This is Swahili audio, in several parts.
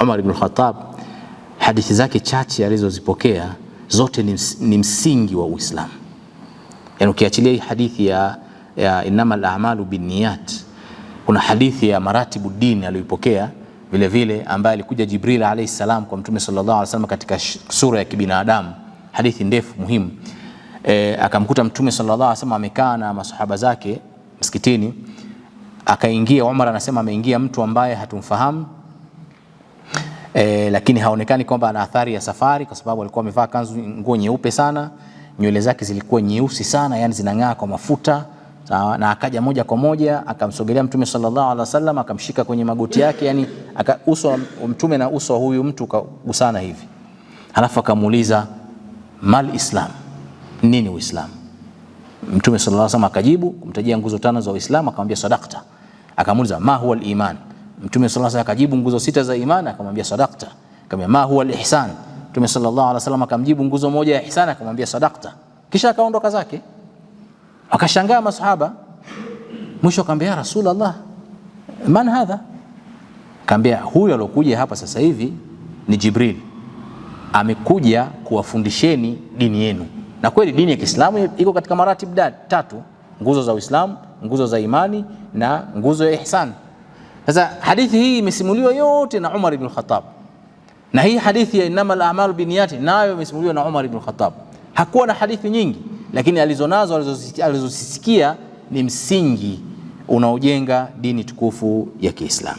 Umar ibn Khattab, hadithi zake chache alizozipokea zote ni, ni msingi wa Uislamu. Yani ukiachilia hii hadithi ya, ya innamal a'malu binniyat, kuna hadithi ya maratibu dini aliyoipokea vile vile ambaye alikuja Jibril alayhi salam kwa Mtume sallallahu alayhi wasallam katika sura ya kibinadamu, hadithi ndefu muhimu. E, akamkuta Mtume sallallahu alayhi wasallam amekaa na masahaba zake msikitini, akaingia Umar anasema ameingia mtu ambaye hatumfahamu e, lakini haonekani kwamba ana athari ya safari kwa sababu alikuwa amevaa kanzu, nguo nyeupe sana, nywele zake zilikuwa nyeusi sana, yani zinang'aa kwa mafuta sawa. na akaja moja kwa moja akamsogelea Mtume sallallahu alaihi wasallam akamshika kwenye magoti yake, yani aka, uso Mtume na uso wa huyu mtu kagusana hivi, halafu akamuuliza mal islam, nini Uislamu? Mtume sallallahu alaihi wasallam akajibu kumtajia nguzo tano za Uislamu, akamwambia sadaqta. Akamuuliza ma huwa al-iman Mtume sallallahu alaihi wasallam akajibu nguzo sita za imani, akamwambia sadaqta. Akamwambia ma huwa alihsan. Mtume sallallahu alaihi wasallam akamjibu nguzo moja ya ihsan, akamwambia sadaqta, kisha akaondoka zake. Akashangaa masahaba, mwisho akamwambia Rasulullah, man hadha? Akamwambia huyo alokuja hapa sasa hivi ni Jibril, amekuja kuwafundisheni dini yenu. Na kweli dini ya Kiislamu iko katika maratibu tatu: nguzo za Uislamu, nguzo za imani na nguzo ya ihsani. Sasa hadithi hii imesimuliwa yote na Umar ibn khattab na hii hadithi ya al a'malu binniyati nayo imesimuliwa na Umar ibn khattab Hakuwa na hadithi nyingi, lakini alizonazo alizozisikia ni msingi unaojenga dini tukufu ya Kiislamu.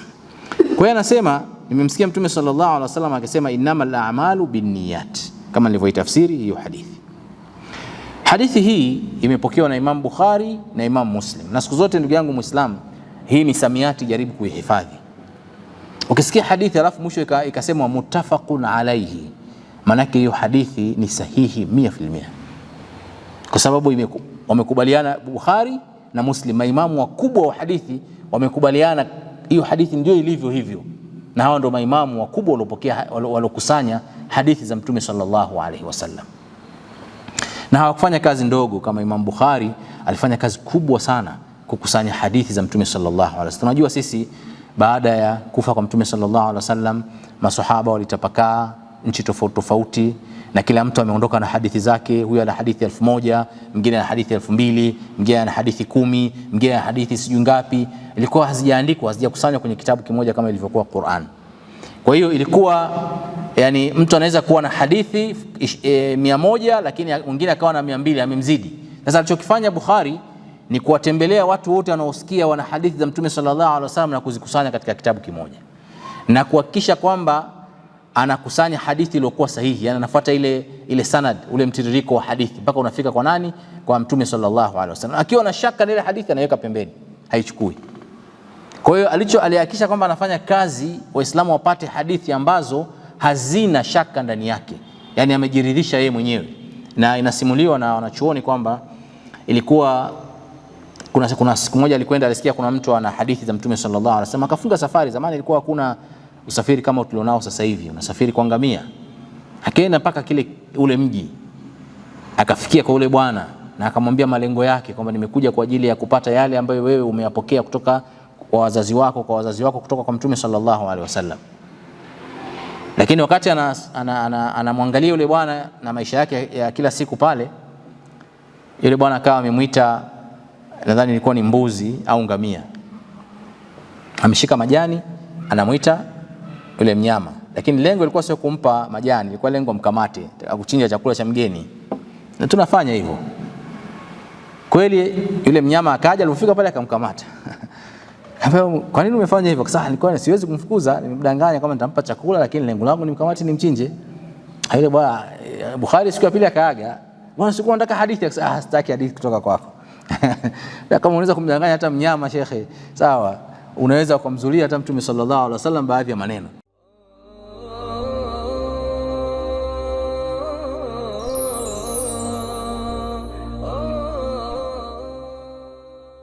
Kwa hiyo anasema, nimemsikia Mtume sallallahu alaihi wasallam akisema al a'malu binniyat, kama nilivyoitafsiri hiyo hadithi. Hadithi hii imepokewa na Imam Bukhari na Imam Muslim, na siku zote ndugu yangu Muislamu hii misamiati jaribu kuihifadhi. Ukisikia hadithi alafu mwisho ikasemwa muttafaqun alaihi, maanake hiyo hadithi ni sahihi mia kwa sababu wamekubaliana Bukhari na Muslim, maimamu wakubwa wa hadithi wamekubaliana hiyo hadithi ndio ilivyo hivyo, na hawa ndio maimamu wakubwa waliopokea waliokusanya hadithi za Mtume sallallahu alaihi wasallam, na hawakufanya kazi ndogo kama Imam Bukhari alifanya kazi kubwa sana kukusanya hadithi za Mtume sallallahu alaihi wasallam. Unajua sisi baada ya kufa kwa Mtume sallallahu alaihi wasallam, masahaba walitapakaa nchi tofauti tofauti, na kila mtu ameondoka na hadithi zake. Huyu ana hadithi elfu moja mwingine ana hadithi elfu mbili mwingine ana hadithi kumi mwingine ana hadithi sijui ngapi. Ilikuwa hazijaandikwa hazijakusanywa kwenye kitabu kimoja kama ilivyokuwa Qur'an. Kwa hiyo ilikuwa yani, mtu anaweza kuwa na hadithi e, mia moja lakini mwingine akawa na mia mbili amemzidi. Sasa alichokifanya Bukhari ni kuwatembelea watu wote wanaosikia wana hadithi za Mtume sallallahu alaihi wasallam na kuzikusanya katika kitabu kimoja na kuhakikisha kwamba anakusanya hadithi iliyokuwa sahihi, yani anafuata ile, ile sanad ule mtiririko wa hadithi mpaka unafika kwa nani? Kwa Mtume sallallahu alaihi wasallam. Akiwa na shaka na ile hadithi anaiweka pembeni, haichukui. Kwa hiyo alicho alihakikisha kwamba anafanya kazi Waislamu wapate hadithi ambazo hazina shaka ndani yake, yani amejiridhisha yeye mwenyewe, na inasimuliwa na wanachuoni kwamba ilikuwa kuna kuna siku moja alikwenda, alisikia kuna mtu ana hadithi za Mtume sallallahu alaihi wasallam, akafunga safari. Zamani ilikuwa hakuna usafiri kama tulionao sasa hivi, unasafiri kwa ngamia. Akaenda mpaka kile ule mji, akafikia kwa ule bwana na akamwambia malengo yake kwamba nimekuja kwa ajili ya kupata yale ambayo wewe umeyapokea kutoka kwa wazazi wako, kwa wazazi wako kutoka kwa Mtume sallallahu alaihi wasallam. Lakini wakati anamwangalia ana, ana, ana yule bwana na maisha yake ya kila siku pale, yule bwana akawa amemwita nadhani ilikuwa ni mbuzi au ngamia, ameshika majani, anamwita yule mnyama, lakini lengo ilikuwa sio kumpa majani, ilikuwa lengo mkamate, akuchinja chakula cha mgeni, na tunafanya hivyo kweli. Yule mnyama akaja, alipofika pale akamkamata Kwa nini umefanya hivyo? Sasa nilikuwa siwezi kumfukuza, nimdanganya kama nitampa chakula, lakini lengo langu ni mkamate, ni mchinje. Yule bwana Bukhari siku ya pili akaaga, bwana, sikuwa nataka hadithi. Ah, sitaki hadithi kutoka kwako. kama unaweza kumdanganya hata mnyama shekhe, sawa, unaweza ukamzulia hata Mtume sallallahu alaihi wasallam baadhi ya maneno.